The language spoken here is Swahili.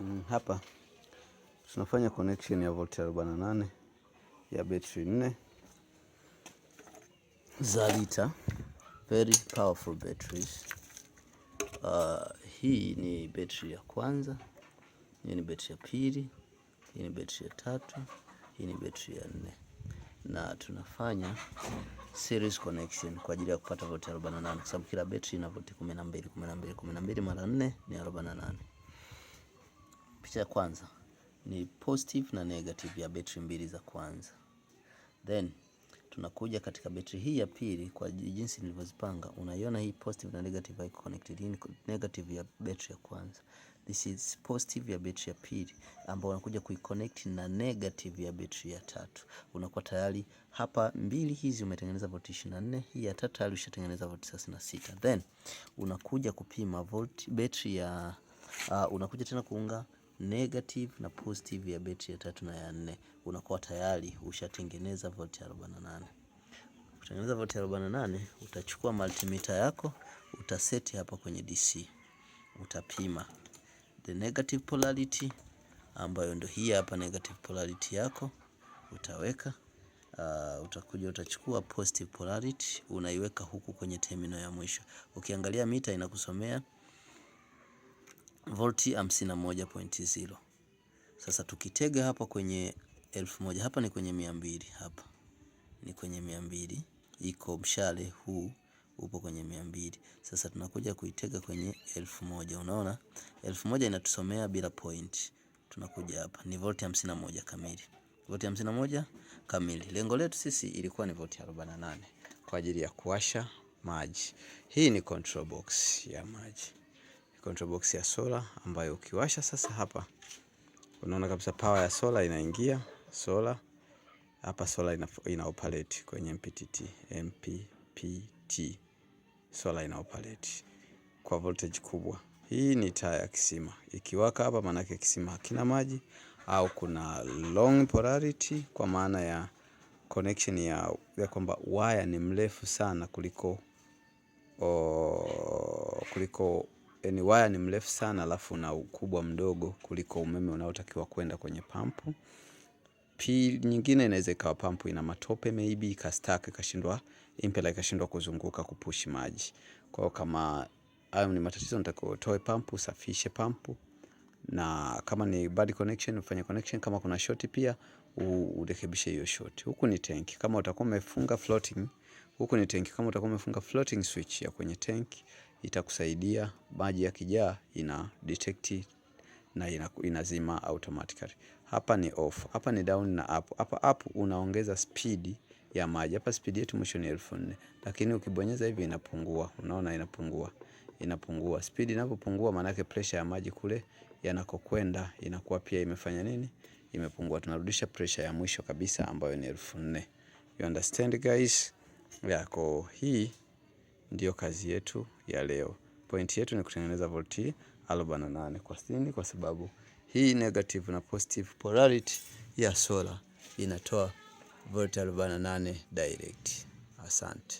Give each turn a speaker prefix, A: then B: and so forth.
A: Mm, hapa tunafanya connection ya volti 48 ya betri 4 za lita, very powerful batteries. Uh, hii ni betri ya kwanza, hii ni betri ya pili, hii ni betri ya tatu, hii ni betri ya nne na tunafanya series connection kwa ajili ya kupata volti 48 kwa sababu kila betri ina volti 12 12 12 mara 4 ni 48. Picha ya kwanza ni positive na negative ya betri mbili za kwanza, then tunakuja katika betri hii ya pili. Kwa jinsi nilivyozipanga, unaiona hii positive na negative iko connected. Hii ni negative ya betri ya kwanza, this is positive ya betri ya pili, ambayo unakuja kuiconnect na negative ya betri ya tatu. Unakuwa tayari hapa, mbili hizi umetengeneza volt 24, hii ya tatu tayari ushatengeneza volt 36. Then unakuja kupima volt betri ya uh, unakuja tena kuunga negative na positive ya betri ya tatu na ya nne, unakuwa tayari ushatengeneza volti 48. Kutengeneza volti 48, utachukua multimeter yako utaseti hapa kwenye DC, utapima the negative polarity ambayo ndio hii hapa negative polarity yako utaweka. Uh, utakuja utachukua positive polarity unaiweka huku kwenye terminal ya mwisho. Ukiangalia mita inakusomea volti 51.0. Sasa tukitega hapa kwenye elfu moja hapa ni kwenye mia mbili hapa ni kwenye mia mbili iko mshale huu upo kwenye mia mbili. Sasa tunakuja kuitega kwenye elfu moja unaona elfu moja inatusomea bila point. Tunakuja hapa ni volti 51 kamili, volti 51 kamili. Lengo letu sisi ilikuwa ni volti 48 kwa ajili ya kuwasha maji. Hii ni control box ya maji control box ya solar ambayo ukiwasha sasa, hapa unaona kabisa power ya solar inaingia. Sola hapa, sola ina, ina operate kwenye MPPT, MPPT solar ina operate kwa voltage kubwa. Hii ni taa ya kisima, ikiwaka hapa, yake kisima hakina maji au kuna long polarity, kwa maana ya connection ya, ya kwamba waya ni mrefu sana kuliko o, oh, kuliko ni yaani waya ni mrefu sana alafu na ukubwa mdogo kuliko umeme unaotakiwa kwenda kwenye pampu. Pili nyingine inaweza ikawa pampu ina matope maybe ikastak ikashindwa impela ikashindwa kuzunguka kupush maji. Kwa hiyo kama hayo ni matatizo nitakiwa utoe pampu, safishe pampu na kama ni bad connection ufanye connection, kama kuna short pia urekebishe hiyo short. Huku ni tank, kama utakuwa umefunga floating, huku ni tank, kama utakuwa umefunga floating switch ya kwenye tank itakusaidia maji ya kijaa ina detect na inazima automatically. Hapa ni off, hapa ni down na up. Hapa up unaongeza speed ya maji. Hapa speed yetu mwisho ni elfu nne lakini ukibonyeza hivi inapungua. Unaona inapungua, inapungua speed. Inapopungua maana yake pressure ya maji kule yanakokwenda inakuwa pia imefanya nini? Imepungua. Tunarudisha pressure ya mwisho kabisa ambayo ni elfu nne. You understand guys? Yako hii ndio kazi yetu ya leo. pointi yetu ni kutengeneza volti 48 na nane kwa sini kwa sababu hii negative na positive polarity ya sola inatoa volti 48 na nane direct. Asante.